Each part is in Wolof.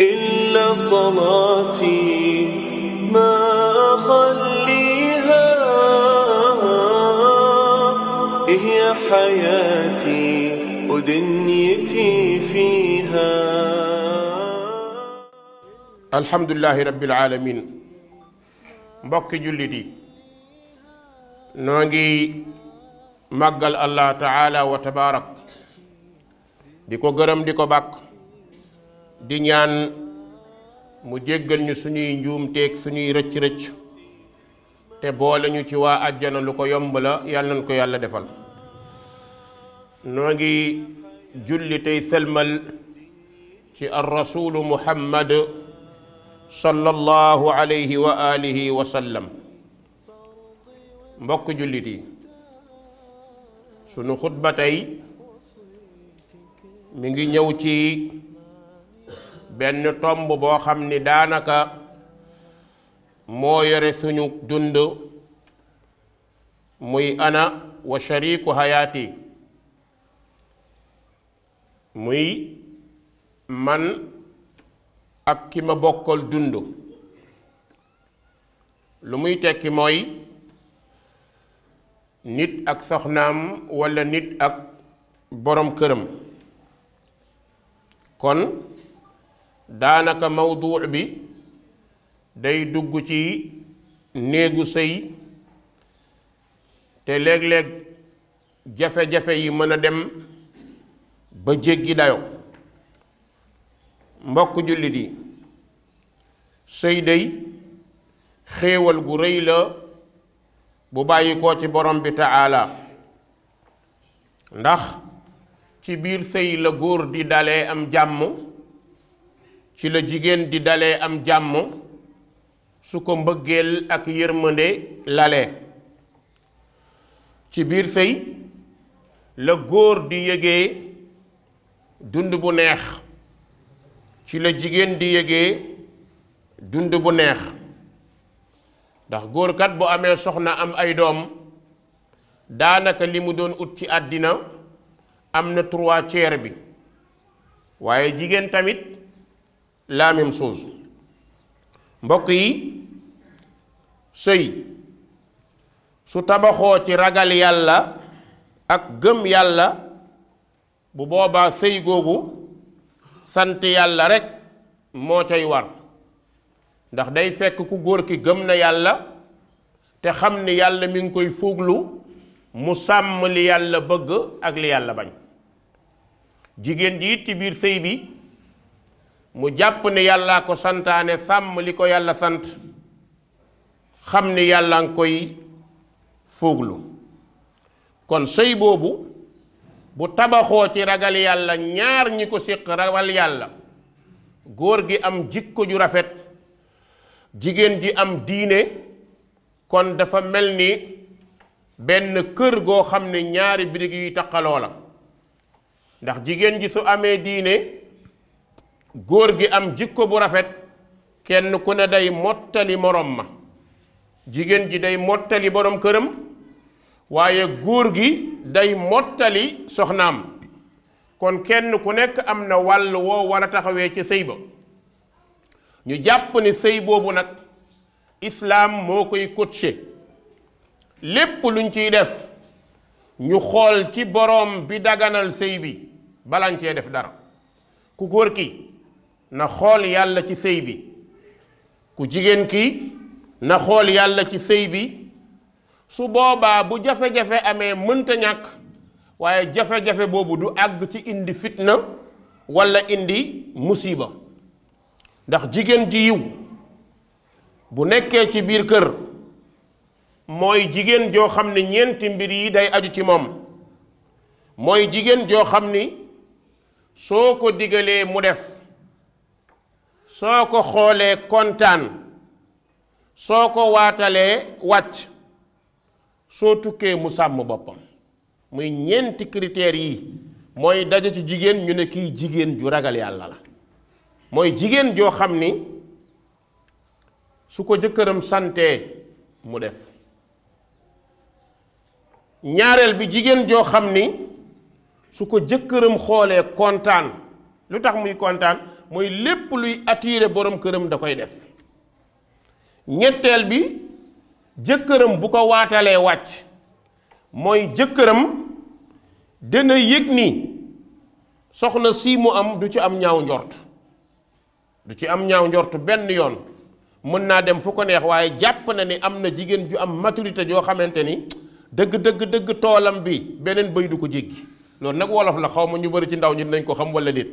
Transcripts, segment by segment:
إلا صلاتي ما أخليها هي حياتي ودنيتي فيها الحمد لله رب العالمين mbokki jullit yi noo ngi màggal allah taala wa tabaarak di ko gërëm di ko bàkk di ñaan mu jéggal ñu suñuy njuumteek teeg suñuy rëcc-rëcc te boole ñu ci waa àjjana lu ko yomb la yàlla nañ ko yàlla defal noo ngi julli tey sëlmal ci ar rasulu muhammad sallallahu alayhi wa alihi mbokk jullit yi sunu xutba tey mi ngi ñëw ci benn tomb boo xam ni daanaka moo yore suñu dund muy ana wa shariku hayaati muy man ak ki ma dund lu muy tekki mooy nit ak soxnaam walla nit ak boroom këram kon daanaka mawduu bi day dugg ci néegu sëy te léeg-léeg jafe-jafe yi mën a dem ba jéggi dayo mbokk jullit yi sëy day xéewal gu rëy la bu bàyyi koo ci borom bi taala ndax ci biir sëy la góor di dale am jàmm ci la jigéen di dalee am jàmm su ko mbëggeel ak yërmande lale ci biir sëy la góor di yëgee dund bu neex ci la jigéen di yëgee dund bu neex ndax góorkat bu amee soxna am ay doom daanaka li mu doon ut ci àddina am na trois tiers bi waaye jigéen tamit la même mbokk yi sëy su tabaxoo ci ragal yàlla ak gëm yàlla bu boobaa sëy googu sant yàlla rekk moo cay war ndax day fekk ku góor ki gëm na yàlla te xam ni yàlla mi ngi koy fuuglu mu sàmm li yàlla bëgg ak li yàlla bañ jigéen ji it ci biir sëy bi mu jàpp ne yàllaa ko santaane sàmm li ko yàlla sant xam ni yàlla nga koy fooglu kon sëy boobu bu tabaxoo ci ragal yàlla ñaar ñi ko séq ragal yàlla góor gi am jikko ju rafet jigéen ji am diine kon dafa mel ni benn kër goo xam ne ñaari birig yuy taqaloo la ndax jigéen ji su amee diine góor gi am jikko bu rafet kenn ku ne day mottali morom ma jigéen ji day mottali borom këram waaye góor gi day mottali soxnaam kon kenn ku nekk am na wàll woo war a taxawee ci sëy ba ñu jàpp ni sëy boobu nag islaam moo koy coaché lépp luñ ciy def ñu xool ci boroom bi daganal sëy bi balañ cee def dara ku góor ki na xool yàlla ci sëy bi ku jigéen ki na xool yàlla ci sëy bi su boobaa bu jafe-jafe amee mënta ñàkk waaye jafe-jafe boobu du àgg ci indi fitna walla indi musiba ndax jigéen ji yiw bu nekkee ci biir kër mooy jigéen joo xam ni ñeenti mbir yi day aju ci moom mooy jigéen joo xam ni soo ko digalee mu def soo ko xoolee kontaan soo ko waatalee wàcc soo tukkee mu sàmm boppam muy ñenti critères yi mooy daje ci jigéen ñu ne kii jigéen ju ragal yàlla la mooy jigéen joo xam ni su ko jëkkëram santee mu def ñaareel bi jigéen joo xam ni su ko jëkkëram xoolee kontaan lu tax muy kontaan mooy lépp luy attirer borom këram da koy def ñetteel bi jëkkëram bu ko waatalee wàcc mooy jëkkëram dënn yëg ni soxna si mu am du ci am ñaaw njort du ci am ñaaw njort benn yoon mën naa dem fu ko neex waaye jàpp na ni am na jigéen ju am maturité joo xamante ni dëgg dëgg dëgg toolam bi beneen bëy du ko jéggi loolu nag wolof la xaw ma ñu bari ci ndaw ñi nañ ko xam walla déet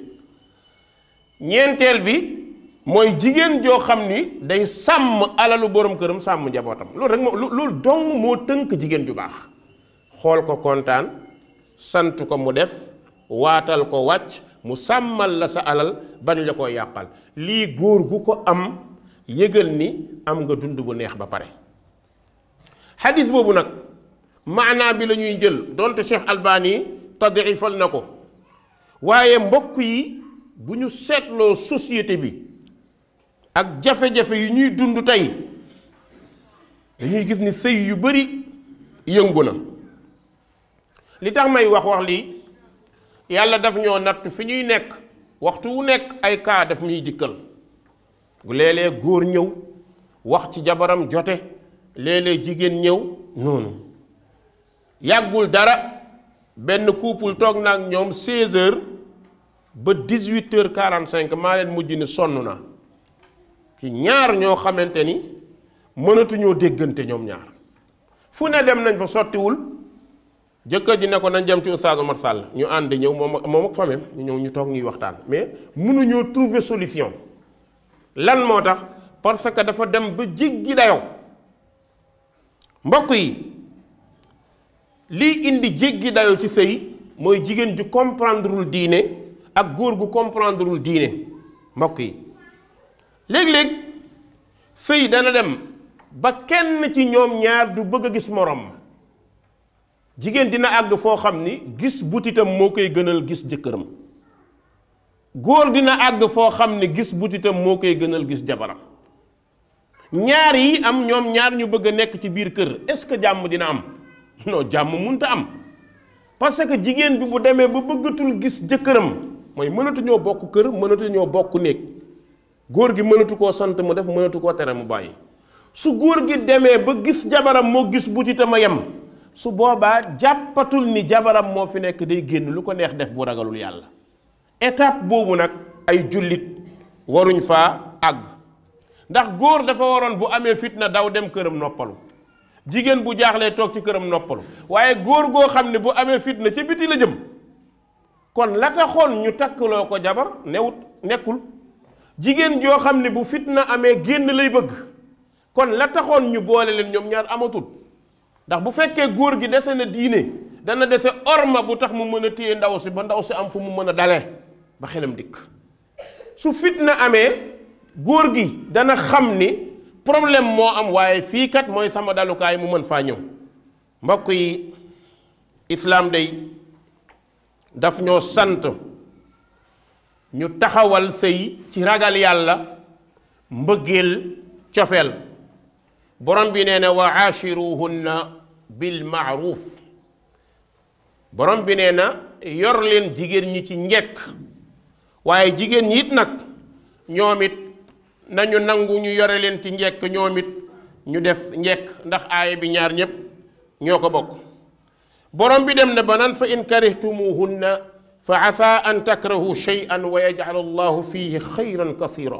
ñeenteel bi mooy jigéen joo xam ni day sàmm alalu borom këram sàmm njabootam loolu rek moo loolu dong moo tënk jigéen ju baax xool ko kontaan sant ko mu def waatal ko wàcc mu sàmmal la sa alal bañ la ko yàppal lii góor gu ko am yëgal ni am nga dund bu neex ba pare xadis boobu nag maanaa bi lañuy ñuy jël donte Cheikh Albani tadrifal na ko waaye mbokk yi bu ñu seetloo société bi ak jafe-jafe yu ñuy dund tey dañuy gis ni sëy yu bari yëngu na li tax may wax wax lii yàlla daf ñoo natt fi ñuy nekk waxtu wu nekk ay cas daf ñuy dikkal léeg góor ñëw wax ci jabaram jote léeg jigéen ñëw noonu yàggul dara benn couple toog na ak ñoom 16 ba 18 quarante 45 maa leen mujj ni sonn na ci ñaar ñoo xamante ni mënatuñoo déggante ñoom ñaar fu ne dem nañ fa sottiwul jëkkër ji ne ko nañ dem ci Oustaz Oumar Sall ñu ànd ñëw moom ak moom ak famem ñu ñëw ñu toog ñuy waxtaan mais mënuñoo trouver solution lan moo tax parce que dafa dem ba jéggi dayoo mbokk yi lii indi jéggi dayoo ci sëy mooy jigéen ju comprendrewul diine ak góor gu comprendrewul diine mbokk yi léeg-léeg sëy dana dem ba kenn ci ñoom ñaar du bëgg a gis morom jigéen dina àgg foo xam ni gis butitam moo koy gënal gis jëkkëram góor dina àgg foo xam ni gis butitam moo koy gënal gis jabaram ñaar yi am ñoom ñaar ñu bëgg a nekk ci biir kër est-ce que jàmm dina am non jàmm munta am parce que jigéen bi bu demee ba bëggatul gis jëkkëram mooy mënatu ñoo bokk kër mënatu ñoo bokk néeg góor gi mënatu koo sant mu def mënatu koo tere mu bàyyi su góor gi demee ba gis jabaram moo gis butitama yem su boobaa jàppatul ni jabaram moo fi nekk day génn lu ko neex def bu ragalul yàlla étape boobu nag ay jullit waruñ fa àgg ndax góor dafa waroon bu amee fitna daw dem këram noppalu jigéen bu jaaxlee toog ci këram noppalu waaye góor goo xam ne bu amee fitna ca biti la jëm kon la taxoon ñu takkaloo ko jabar newut nekkul jigéen joo xam ne bu fitna amee génn lay bëgg kon la taxoon ñu boole leen ñoom ñaar amatul ndax bu fekkee góor gi dese na diine dana dese orma bu tax mu mën a téye ndaw si ba ndaw si am fu mu mën a dalee ba xelam dikk su fitna amee góor gi dana xam ni problème moo am waaye fii kat mooy sama dalukaay mu mën faa ñëw mbokk yi islaam day daf ñoo sant ñu taxawal sëy ci ragal yàlla mbëggeel cofeel borom bi nee na wa aachiruhunna bil maaruf borom bi nee na yor leen jigéen ñi ci njekk waaye jigéen ñi it nag ñoom it nañu nangu ñu yore leen ci njekk ñoom it ñu def njekk ndax aaya bi ñaar ñépp ñoo ko bokk borom bi dem na ba naan fa in karihtumuhunna fa asa an takrahu shay'an wa yaj'al allahu fihi xayran kasira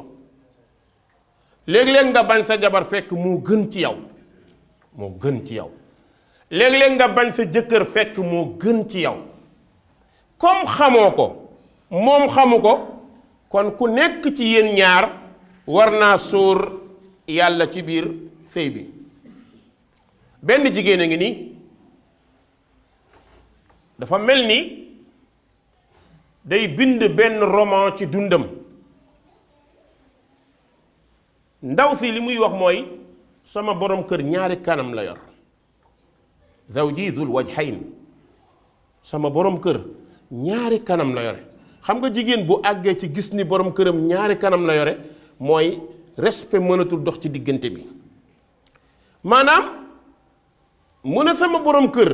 léeg-léeg nga bañ sa jabar fekk moo gën ci yow moo gën ci yow léeg-léeg nga bañ sa jëkkër fekk moo gën ci yow comme xamoo ko moom xamu ko kon ku nekk ci yéen ñaar war naa sóor yàlla ci biir sëy bi benn jigéen a ngi nii dafa mel ni day bind benn roman ci dundam ndaw fii li muy wax mooy sama borom kër ñaari kanam la yor zawji zul wajhayn sama borom kër ñaari kanam la yore xam nga jigéen bu àggee ci gis ni borom këram ñaari kanam la yore mooy respe mënatul dox ci diggante bi maanaam mu ne sama borom kër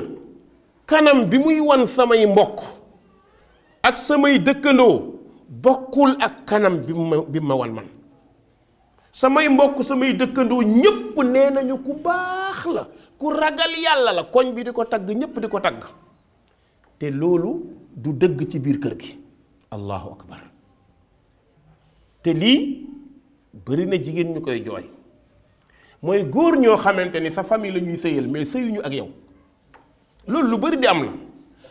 kanam bi muy wan samay mbokk ak samay dëkkandoo bokkul ak kanam bi ma bi ma wan man samay mbokk samay dëkkandoo ñépp nee nañu ku baax la ku ragal yàlla la koñ bi di ko tagg ñépp di ko tagg te loolu du dëgg ci biir kër gi allahu akbar te lii bari na jigéen ñu koy jooy mooy góor ñoo xamante ni sa famille lañuy ñuy sëyal mais sëyuñu ak yow loolu lu bari bi am la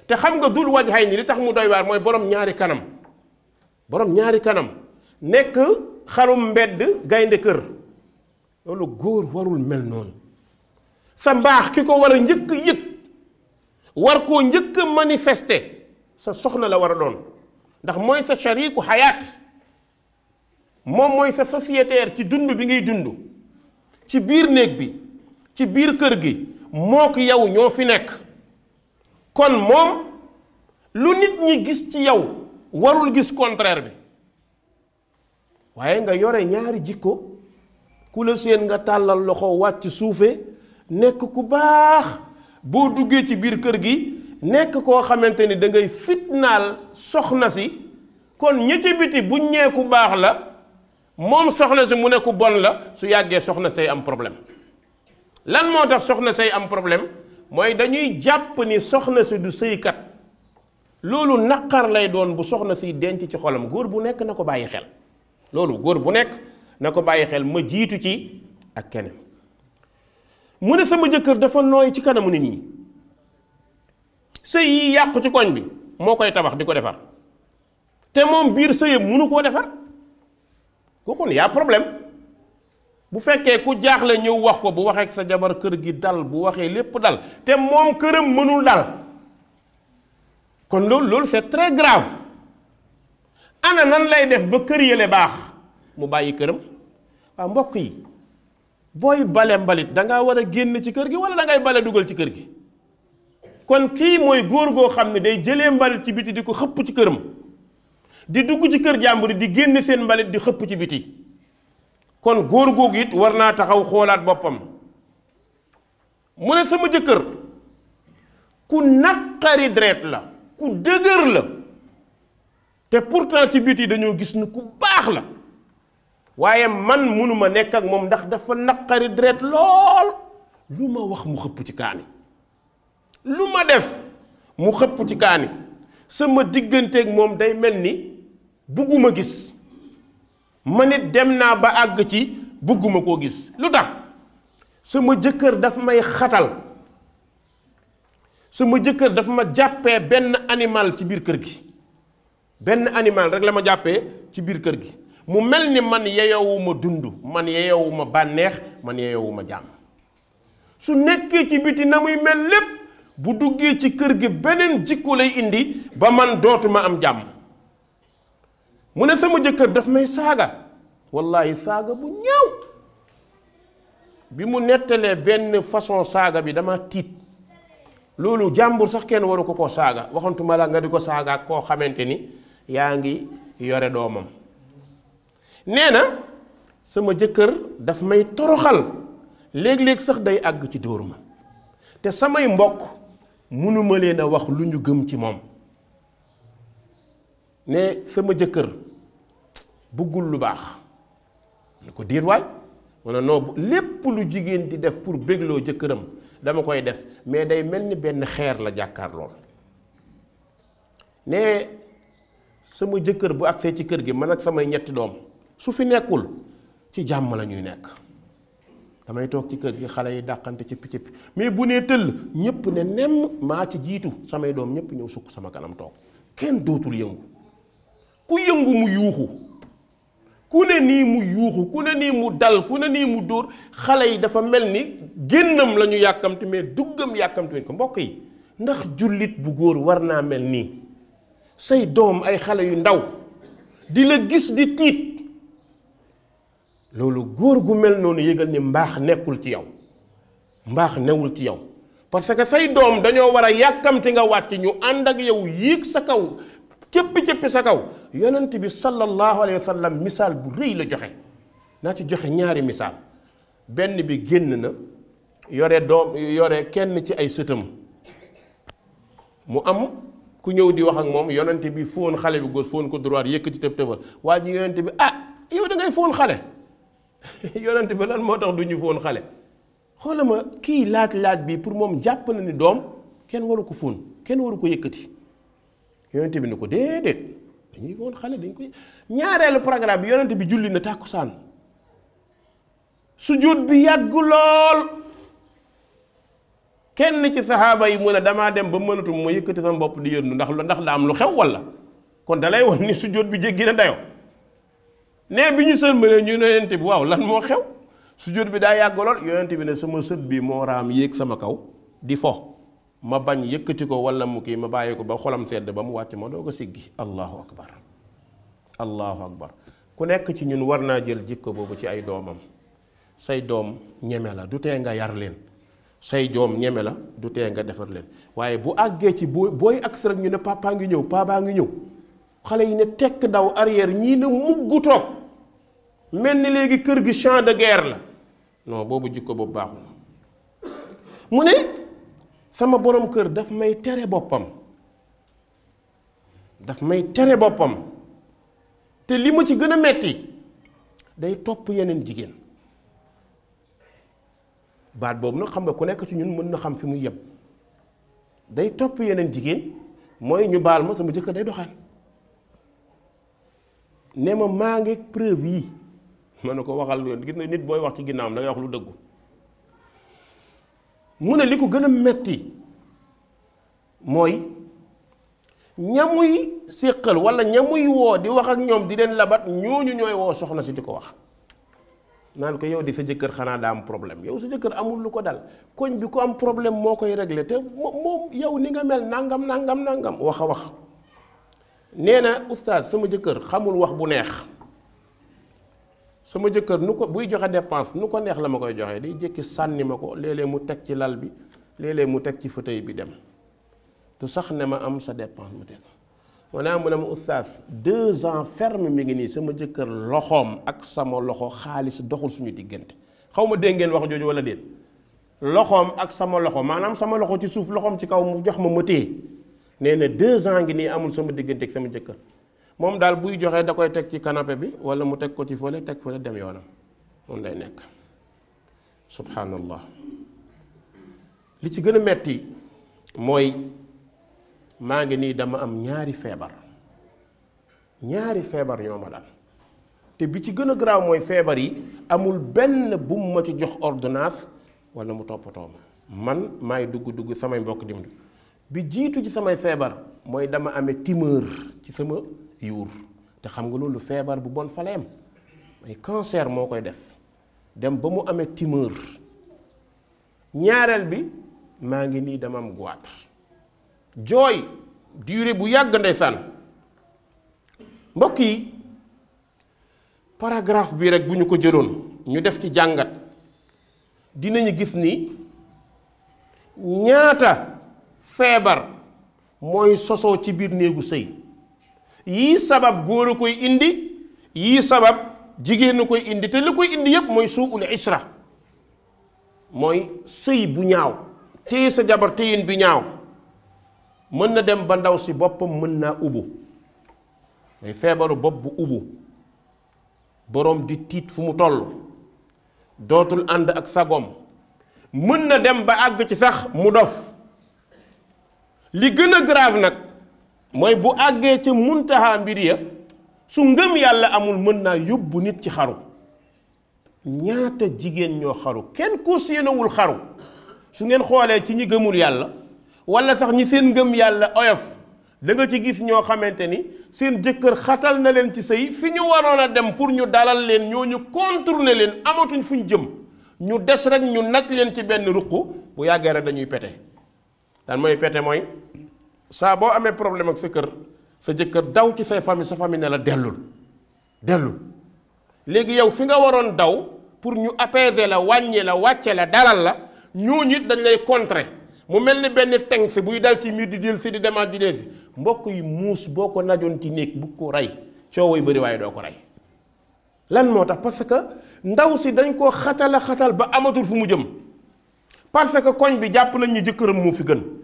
te xam nga dul waj xay ni li tax mu doy waar mooy borom ñaari kanam borom ñaari kanam nekk xarum mbedd gaynde kër loolu góor warul mel noonu sa mbaax ki ko war a njëkk yëg war koo njëkk manifeste sa soxna la war a doon ndax mooy sa shariku xayaat moom mooy sa sociétaire ci dund bi ngay dund ci biir néeg bi ci biir kër gi moo ko yow ñoo fi nekk kon moom lu nit ñi gis ci yow warul gis contraire bi waaye nga yore ñaari jikko ku la seen nga tàllal loxo wàcc suufe nekk ku baax boo duggee ci biir kër gi nekk koo xamante ni dangay ngay fitnaal soxna si kon ña ca biti buñ ñee ku baax la moom soxna si mu ne ku bon la su yàggee soxna say am problème lan moo tax soxna say am problème mooy dañuy jàpp ni soxna si du sëykat loolu naqar lay doon bu soxna si denc ci xolam góor bu nekk na ko bàyyi xel loolu góor bu nekk na ko bàyyi xel ma jiitu ci ak keneen mu ne sama jëkkër dafa nooy ci kanamu nit ñi sëy yi yàqu ci koñ bi moo koy tabax di ko defar te moom biir sëyam mënu koo defar kooku kon yaa problème bu fekkee ku jaaxle ñëw wax ko bu waxee sa jabar kër gi dal bu waxee lépp dal te moom këram mënul dal kon loolu loolu c'est très grave ana nan lay def ba kër yële baax mu bàyyi këram waaw mbokk yi booy bale mbalit da ngaa war a génn ci kër gi wala dangay bale dugal ci kër gi kon kii mooy góor goo xam ne day jëlee mbalit ci biti di ko xëpp ci këram di dugg ci kër jàmbur di génn seen mbalit di xëpp ci biti kon góor googu it war naa taxaw xoolaat boppam mu ne sama jëkkër ku naqari deret la ku dëgër la te pourtant ci yi dañoo gis ni ku baax la waaye man mënuma nekk ak moom ndax dafa naqari deret lool lu ma wax mu xëpp ci kaani lu ma def mu xëpp ci kaani sama digganteeg moom day mel ni bugguma gis ma nit dem naa ba àgg ci bëgguma koo gis lu tax sama jëkkër daf may xatal sama jëkkër dafa ma jàppee benn animal ci biir kër gi benn animal rek la ma jàppee ci biir kër gi mu mel ni man yeyowuma dund man yeyowuma bànneex man yeyowuma jàmm su nekkee ci biti na muy mel lépp bu duggee ci kër gi beneen jikkoo lay indi ba man dootuma am jàmm mu ne sama jëkkër daf may saaga wallahi saaga bu ñaaw bi mu nettalee benn façon saaga bi dama tiit loolu jàmbur sax kenn waru ko koo saaga waxantuma la nga di ko saaga ak koo xamante ni yaa ngi yore doomam nee na sama jëkkër daf may toroxal léeg-léeg sax day àgg ci dóor ma te samay mbokk mënuma leen a wax lu ñu gëm ci moom ne sama jëkkër bëggul lu baax ne ko diir waay wala non lépp lu jigéen di def pour bégloo jëkkëram dama koy def mais day mel ni benn xeer la jàkkaar ne sama jëkkër bu agsee ci kër gi man ak samay ñetti doom su fi nekkul ci jàmm lañuy nekk damay toog ci kër gi xale yi dàqante ci picc mais bu nee tëll ñëpp ne nemm maa ci jiitu samay doom ñëpp ñëw sukk sama kanam toog kenn dootul yëngu ku yëngu mu yuuxu ku ne nii mu yuuxu ku ne nii mu dal ku ne nii mu dóor xale yi dafa mel ni génnam lañu yàkkamti yàkkamte mais duggam yàkkamte ko mbokk yi ndax jullit bu góor war naa mel nii say doom ay xale yu ndaw di la gis di tiit loolu góor gu mel noonu yëgal ni mbaax nekkul ci yow mbaax newul ci yow parce que say doom dañoo war a yàkkamti nga wàcc ñu ànd ak yow yéeg sa kaw cëppi-cëppi sa kaw yonent bi sallallahu alayhi wa sallam misaal bu rëy la joxe naa ci joxe ñaari misaal benn bi génn na yore doom yore kenn ci ay sëtam mu am ku ñëw di wax ak moom yonent bi fóon xale bi góos fóon ko droit yëkkati tëb tëbal waaye ji yonent bi ah yow da ngay fóon xale yonent bi lan moo tax du ñu fóon xale xoola ma kii laaj laaj bi pour moom jàpp na ni doom kenn waru ko fóon kenn waru ko yëkkati yonent bi ni ko déedéet dañuy woon xale dañ koy ñaareelu programme bi yonent bi julli na tàkkusaan sujjóot bi yàgg lool kenn ci saxaaba yi mu ne damaa dem ba mënatum ma yëkkati sama bopp di yëndu ndax lu ndax da am lu xew wala kon dalay won ni sujjóot bi jéggi na dayoo ne bi ñu sëlmalee ñu ne yonent bi waaw lan moo xew sujjóot bi daa yàgg lool yonent bi ne sama sët bi moo raam yéeg sama kaw di fo ma bañ yëkkati ko wala mu kii ma bàyyi ko ba xolam sedd ba mu wàcc ma doo ko siggi allahu akbar allahu akbar ku nekk ci ñun war naa jël jikko boobu ci ay doomam say doom ñeme la du tee nga yar leen say doom ñeme la du tee nga defar leen waaye bu àggee ci boo booy agsi rek ñu ne paa ngi ñëw baa ngi ñëw xale yi ne tekk daw arrière ñii ne mugg toog mel ni léegi kër gi champ de guerre la non boobu jikko boobu baaxul mu ne sama borom kër daf may tere boppam daf may tere boppam te li ma ci gën a metti day topp yeneen jigéen baat boobu nag xam nga ku nekk ci ñun mën na xam fi muy yem day topp yeneen jigéen mooy ñu baal ma sama jëkkër day doxaan ne ma maa ngi preuve yi ma ne ko waxal yoon gis nit booy wax ci ginnaawam da ngay wax lu dëggu mu ne li ko gën a metti mooy ñamuy séqal wala ñamuy woo di wax ak ñoom di leen labat ñu ñooy woo soxna si di ko wax naan ko yow di sa jëkkër xanaa daa am problème yow sa jëkkër amul lu ko dal koñ bi ko am problème moo koy réglé te moo yow ni nga mel nangam nangam nangam wax a wax nee na oustaz sama jëkkër xamul wax bu neex sama jëkkër nu ko buy joxe dépense nu ko neex la ma koy joxe day jékki sànni ma ko léeg mu teg ci lal bi léeg mu teg ci fauteuil bi dem du sax ne ma am sa dépense mu teg ma ah ne ma oustaz deux ans ferme mi ngi nii sama jëkkër loxoom ak sama loxo xaalis doxul suñu diggante xaw ma dégg ngeen wax jooju wala déet loxoom ak sama loxo maanaam sama loxo ci suuf loxoom ci kaw mu jox ma ma téye nee na deux ngi nii amul sama diggante ak sama jëkkër moom daal buy joxee da koy teg ci canapé bi wala mu teg ko ci fële teg fële dem yoonam moom lay nekk subhanallah li ci gën a metti mooy maa ngi nii dama am ñaari feebar ñaari feebar ñoo ma te bi ci gën a garaaw mooy feebar yi amul benn bu mu ma ci jox ordonnance wala mu toppatoo ma man maay dugg dugg samay mbokk dimdu bi jiitu ci samay feebar mooy dama ame tumeur ci sama yuur te xam nga loolu feebar bu bon faleem ay cancer moo koy def dem ba mu amee tumeur ñaareel bi maa ngi nii dama am goitre jooy durée bu yàgg ndeysaan mbokk yi paragraphe bi rek bu ñu ko jëloon ñu def ci jàngat dinañu gis ni ñaata feebar mooy sosoo ci biir néegu sëy yii sabab góor a koy indi yii sabab jigéen koy indi te li koy indi yépp mooy suul isra mooy sëy bu ñaaw téye sa jabar téyin bi ñaaw mën na dem ba ndaw si boppam mën naa ubu day feebaru bopp bu ubu boroom di tiit fu mu toll dootul ànd ak sagoom mën na dem ba àgg ci sax mu dof li gën a grave nag mooy bu àggee ca muntaha mbir ya su ngëm yàlla amul mën naa yóbbu nit ci xaru ñaata jigéen ñoo xaru kenn ku séenawul xaru su ngeen xoolee ci ñi gëmul yàlla wala sax ñi seen ngëm yàlla oyof danga ci gis ñoo xamante ni seen jëkkër xatal na leen ci sëy fi ñu waroon a dem pour ñu dalal leen ñoo ñu contourner leen amatuñ fu ñu jëm ñu des rek ñu nag leen ci benn ruq bu yàggee rek dañuy pete dan mooy pete mooy saa boo amee problème ak sa kër sa jëkkër daw ci say famille sa famille ne la dellul dellul léegi yow fi nga waroon daw pour ñu apaiser la wàññi la wàcce la dalal la ñooñu it dañ lay contrer mu mel ni benn teng si buy dal ci miir di dil si di demaat di dee si mbokk yi muus boo ko najoon ci néeg bu ko rey coowoy bëri waaye doo ko rey lan moo tax parce que ndaw si dañ ko xatal a xatal ba amatul fu mu jëm parce que koñ bi jàpp nañ ñu jëkkëram mu fi gën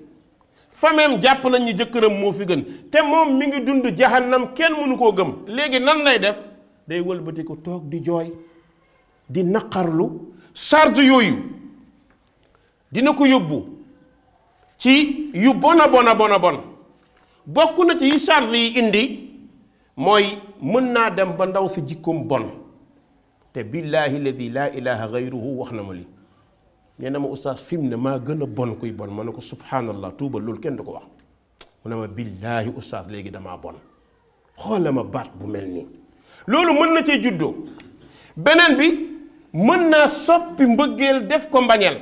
fameem jàpp nañ ñu jëkkëram moo fi gën te moom mi ngi dund jahannam kenn mënu koo gëm léegi nan lay def day wëlbati ko toog di jooy di naqarlu charge yooyu dina ko yóbbu ci yu bona bon bona bon bokk na ci yi charge yi indi mooy mën naa dem ba ndaw si jikkoom bon te billaahi alladi laa ilaha gayruhu wax na ma li nee na ma oustaz fi mu ne maa gën a bon kuy bon ma ne ko subhanallah tuubal loolu kenn du ko wax mu ne ma billaahi oustaz léegi damaa bon xoola ma baat bu mel nii loolu mën na cee juddoo beneen bi mën naa soppi mbëggeel def ko mbañeel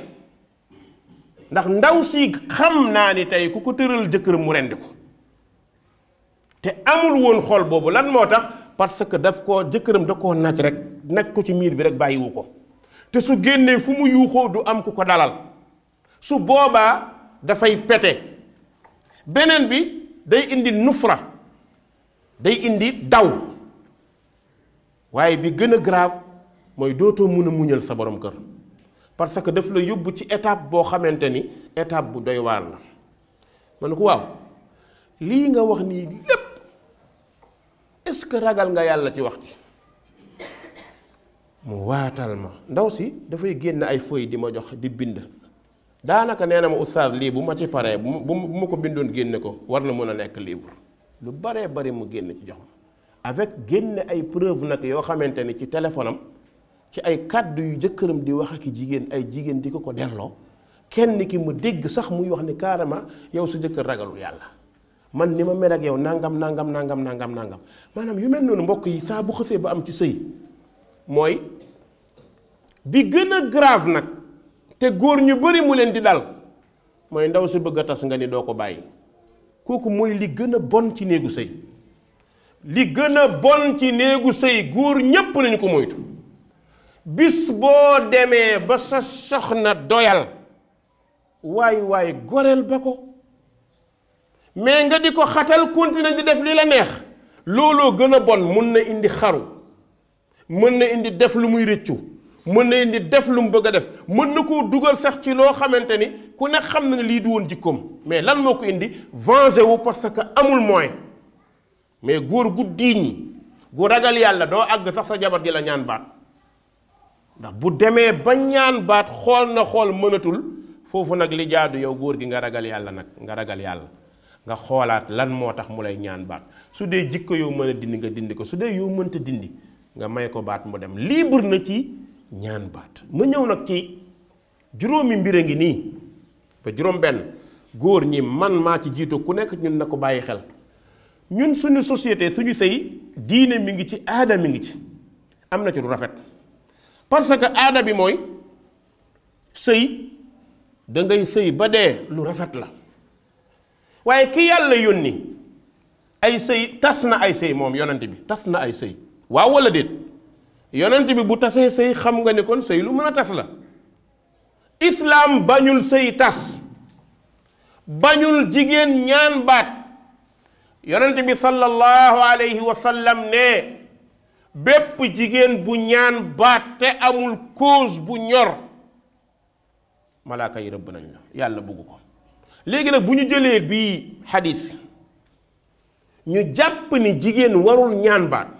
ndax ndaw si xam naa ni tey ku ko tëral jëkkër mu rendi ko te amul woon xool boobu lan moo tax parce que daf koo jëkkëram da koo naaj rek nag ko ci miir bi rek bàyyiwu ko te su génnee fu mu yuuxoo du am ku ko dalal su boobaa dafay pete beneen bi day indi nufra day indi daw waaye bi gën a grave mooy dootoo mun a muñal sa borom kër parce que daf la yóbbu ci étape boo xamante ni étape bu doy waar la ma ko waaw lii nga wax nii lépp est-ce que ragal nga yàlla ci wax ci mu waatal ma ndaw si dafay génn ay feuille di ma jox di bind daanaka nee na ma oustaz lii bu ma ci paree bu bu ma ko bindoon génne ko war na mën a nekk livre lu baree bari mu génn ci jox ma avec génne ay preuve nag yoo xamante ni ci téléphone am ci ay kàddu yu jëkkëram di wax ak jigéen ay jigéen di ko ko delloo kenn ki mu dégg sax muy wax ni carrément yow su jëkkër ragalul yàlla man ni ma mel ak yow nangam nangam nangam nangam nangam maanaam yu mel noonu mbokk yi saa bu xësee ba am ci sëy mooy bi gën a grave nag te góor ñu bari mu leen di dal mooy ndaw si bëgg a tas nga ni doo ko bàyyi kooku mooy li gën a bon ci néegu sëy li gën a bon ci néegu sëy góor ñépp nañu ko moytu bis boo demee ba sa soxna doyal waay waay goreel ba ko mais nga di ko xatal continuer di def li la neex looloo gën a bon mun na indi xaru mën na indi def lu muy rëccu mën na indi def lu mu bëgg a def mën na koo dugal sax ci loo xamante ni ku ne xam na ne lii du woon jikkoom mais lan moo ko indi venger wu parce que amul mooy mais góor gu diiñ gu ragal yàlla doo àgg sax sa jabar ji la ñaan baat ndax bu demee ba ñaan baat xool na xool mënatul foofu nag li jaadu yow góor gi nga ragal yàlla nag nga ragal yàlla nga xoolaat lan moo tax mu lay ñaan baat su dee jikko yow mën a dindi nga dindi ko su dee yow mënta dindi nga may ko baat mu dem libre na ci ñaan baat ma ñëw nag ci juróomi mbir a ngi nii ba juróom benn góor ñi man maa ci jiitu ku nekk ñun na ko bàyyi xel ñun suñu société suñu sëy diine mi ngi ci aada mi ngi ci am na ci lu rafet parce que aada bi mooy sëy da ngay sëy ba dee lu rafet la waaye ki yàlla yónni ay sëy tas na ay sëy moom yonent bi tas na ay sëy waaw wala déet yonent bi bu tasee sëy xam nga ne kon sëy lu mën a tas la islaam bañul sëy tas bañul jigéen ñaan baat yonent bi sallallahu alayhi wa sallam ne bépp jigéen bu ñaan baat te amul cause bu ñor malaaka yi rëbb nañ la yàlla bugg ko léegi nag bu ñu jëlee bii xadis ñu jàpp ni jigéen warul ñaan baat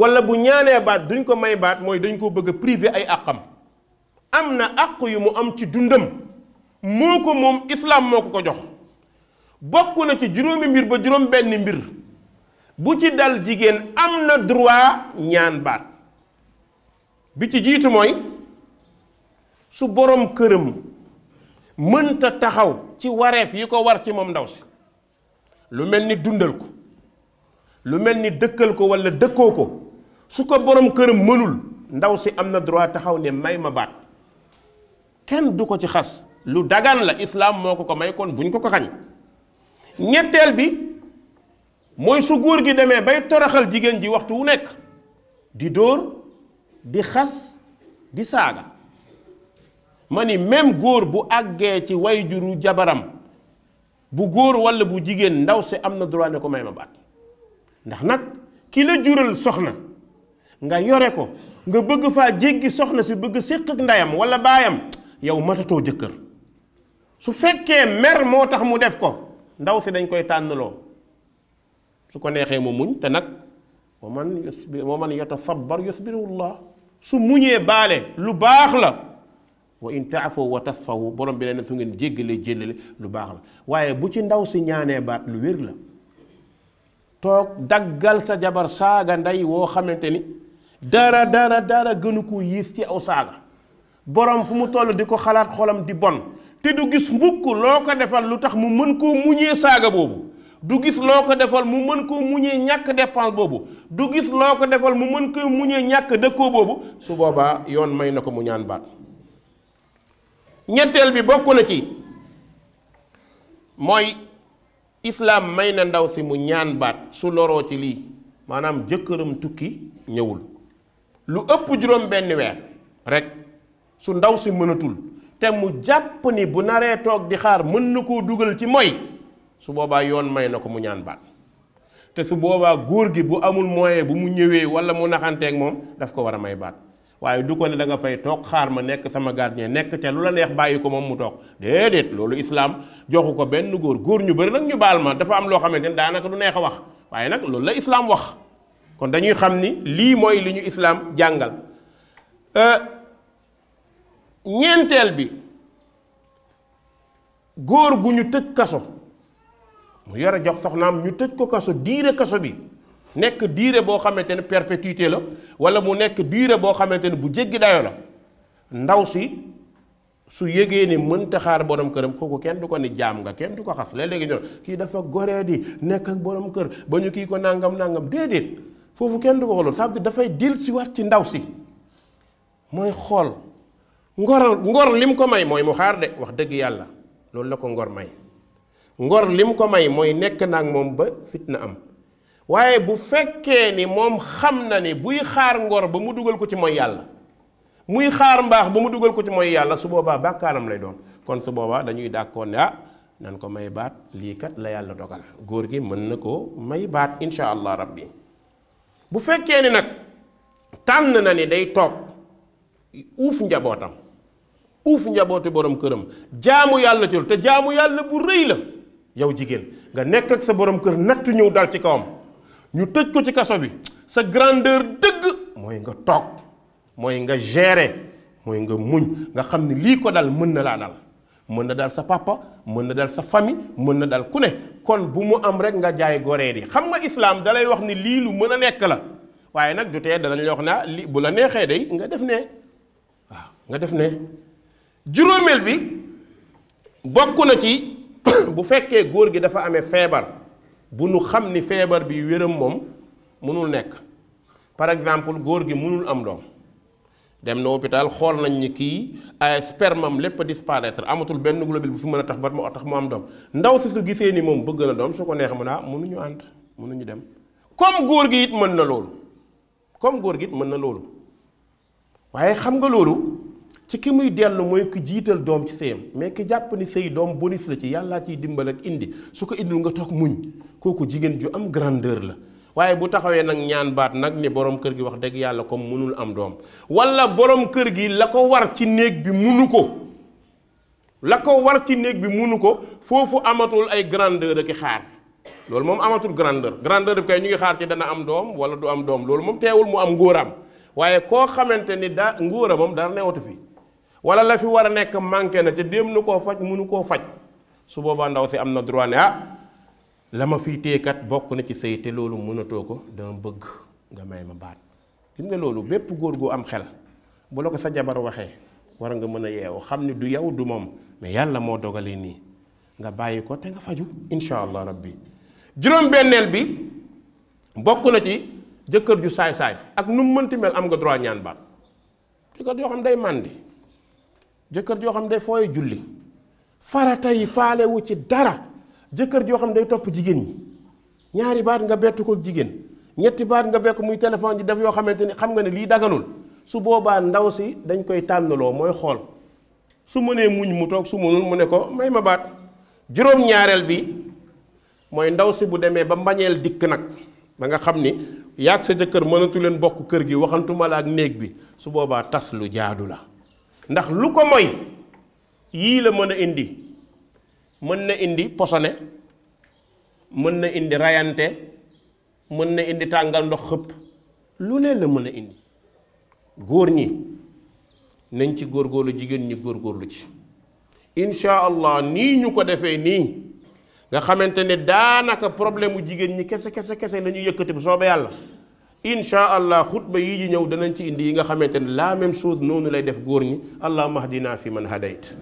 wala bu ñaanee baat duñ ko may baat mooy dañ ko bëgg a privé ay àqam am na àq yu mu am ci dundam moo ko moom islaam moo ko ko jox bokk na ci juróomi mbir ba juróom benn mbir bu ci dal jigéen am na droit ñaan baat bi ci jiitu mooy su boroom këram mënta taxaw ci wareef yi ko war ci moom ndaw si lu mel ni dundal ko lu mel ni dëkkal ko walla dëkkoo ko su ko borom këram mënul ndaw si am na droit taxaw ne may ma baat kenn du ko ci xas lu dagan la islaam moo ko ko may kon buñ ko ko xañ ñetteel bi mooy su góor gi demee bay toroxal jigéen ji waxtu wu nekk di dóor di xas di saaga ma ni même góor bu àggee ci way wayjuru jabaram bu góor walla bu jigéen ndaw si am na droit ne ko may ma baat ndax nag ki la jural soxna nga yore ko nga bëgg faa jéggi soxna si bëgg séq ak ndeyam wala baayam yow matatoo jëkkër su fekkee mer moo tax mu def ko ndaw si dañ koy tànnloo su ko neexee mu muñ te nag wa man yusbir wa man yatasabbar yusbirullah su muñee baale lu baax la wa in borom bi ne su ngeen jéggalee jéllale lu baax la waaye bu ci ndaw si ñaanee baat lu wér la toog daggal sa jabar saaga ndey woo xamante ni dara daara dara gënu ko yiis ci aw saaga boroom fu mu toll di ko xalaat xolam di bon te du gis mbukk loo ko defal lu tax mu mën koo muñee saaga boobu du gis loo ko defal mu mën koo muñee ñàkk dépense boobu du gis loo ko defal mu mën koo muñee ñàkk dëkkoo boobu su boobaa yoon may na ko mu ñaan baat ñetteel bi bokk na ci mooy islaam may na ndaw si mu ñaan baat su loroo ci lii maanaam jëkkëram tukki ñëwul lu ëpp juróom benn weer rek su ndaw si mënatul te mu jàpp ni bu naree toog di xaar mën na koo dugal ci mooy su boobaa yoon may na ko mu ñaan baat te su boobaa góor gi bu amul moyen bu mu ñëwee wala mu naxanteeg moom daf ko war a may baat waaye du ko ne da nga fay toog xaar ma nekk sama gardien nekk ca lu la neex bàyyi ko moom mu toog déedéet loolu islaam joxu ko benn góor góor ñu bari nag ñu baal ma dafa am loo xamante ne daanaka du neex a wax loolu la islaam wax kon dañuy xam ni lii mooy li ñu islaam jàngal euh, ñeenteel bi góor gu ñu tëj kaso mu yore jox soxnaam ñu tëj ko kaso diire kaso bi nekk diire boo xamante ne perpétuité la wala mu nekk diire boo xamante ne bu jéggi dayo la ndaw si su yégee ni mënta xaar borom këram kooku kenn du ko ni jaam nga kenn du ko xas léeg-léegi ñoo kii dafa goree di nekk ak borom kër ba ñu kii ko nangam nangam déedéet foofu kenn du ko xooloon dafay dil si wax ci ndaw si mooy xool ngor ngor lim ko may mooy mu xaar de wax dëgg yàlla loolu la ko ngor may ngor lim ko may mooy nekk naag moom ba fitna am waaye bu fekkee ni moom xam na ni buy xaar ngor ba mu dugal ko ci mooy yàlla muy xaar mbaax ba mu dugal ko ci mooy yàlla su boobaa bàkkaaram lay doon kon su boobaa dañuy dàkkoon ne ah nan ko may baat lii kat la yàlla dogal góor gi mën na koo may baat incha allah rab rabbi bu fekkee ni nag tànn na ni day toog uuf njabootam uuf njabootu borom këram jaamu yàlla ci te jaamu yàlla bu rëy la yow jigéen nga nekk ak sa borom kër nattu ñëw dal ci kawam ñu tëj ko ci kaso bi sa grandeur dëgg mooy nga toog mooy nga gérer mooy nga muñ nga xam ni lii ko dal mën na laa dal mën na dal sa papa mën na dal sa famille mën na dal ku ne kon bu mu am rek nga jaay goree yi xam nga islaam dalay wax ni lii lu mën a nekk la waaye nag du tee danañ la wax naa ah, li bu la neexee day nga def ne waaw nga def ne juróomeel bi bokk na ci bu fekkee góor gi dafa amee feebar bu nu xam ni feebar bi wéram moom mënul nekk par exemple góor gi mënul am doom dem na hôpital xool nañ ni kii ay sperme lépp a disparaître amatul benn globule bu fi mën a tax ba mu tax mu am doom ndaw si su gisee ni moom bëgg na doom su ko neex mu naa ah, mënuñu ànd mënuñu dem comme góor gi it mën na loolu comme góor gi mën na loolu waaye xam nga loolu ci ki muy dellu mooy ki jiital doom ci sëyam mais ki jàpp ni sëy doom bonus la ci yàllaa ciy dimbal indi su ko indil nga toog muñ kooku jigéen ju am grandeur la waaye bu taxawee nag ñaan baat nag ni boroom kër gi wax dëgg yàlla comme mënul am doom wala boroom kër gi la ko war ci néeg bi munu ko la ko war ci néeg bi munu ko foofu amatul ay grandeur ak xaar loolu moom amatul grandeur grandeur bi kay ñu ngi xaar ci dana am doom wala du am doom loolu moom teewul mu am ngóoraam waaye koo xamante ni da ngóora moom dara newatu fi wala la fi war a nekk manqué na te dem na koo faj munu koo faj su boobaa ndaw si am na droit ne ah la ma fiy kat bokk na ci sëy te loolu mënatoo ko dama bëgg nga may ma baat gis nga loolu bépp góor gu am xel bu la ko sa jabar waxee war nga mën a yeewu xam ne du yow du moom mais yàlla moo dogalee nii nga bàyyi ko te nga faju incha allah rabbi juróom-benneel bi bokk na ci jëkkër ju saay-saay ak nu mu mënti mel am nga droit ñaan baat jëkkër yoo xam day màndi jëkkër joo xam day fooye julli farata yi faalewu ci dara jëkkër joo xam ne day topp jigéen ñi ñaari baat nga bettu ko jigéen ñetti baat nga bekk muy téléphone di def yoo xamante ni xam nga ne lii daganul su boobaa ndaw si dañ koy tànnaloo mooy xool su mënee muñ mu toog su mënul mu ne ko may ma baat juróom-ñaareel bi mooy ndaw si bu demee ba mbañeel dikk nag ba nga xam ni yaag sa jëkkër mënatu leen bokk kër gi waxantuma la ak néeg bi su boobaa tas lu jaadu la ndax lu ko moy yii la mën a indi mën na indi posone mën na indi rayante mën na indi tàngal ndox xëpp lu ne la mën a indi góor ñi nañ ci góor góorlu jigéen ñi góor góorgóorlu ci insha allah nii ñu ko defee nii nga xamante ne daanaka problème mu jigéen ñi kese kese kese la ñu yëkkati bu soobee yàlla insha allah xutba yi ji ñëw danañ ci indi yi nga xamante ne laa même chose noonu lay def góor ñi allahumma ahdina fi man hadayt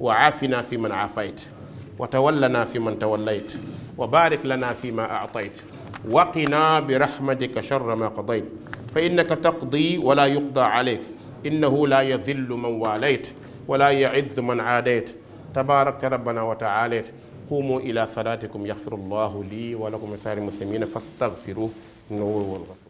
wa aafina fi man aafayt wa tawallana fi man tawallayt wa barik lana fi ma aatayt waqina bi rahmatika charra ma qadayt fa innaka taqdi wala yuqda alayk innahu la yadillu man waalayt wala yaizzu man aadayt tabarakta rabbana wa taalayt قوموا إلى صلاتكم يغفر الله لي ولكم لسائر المسلمين فاستغفروه إنه هو الغفور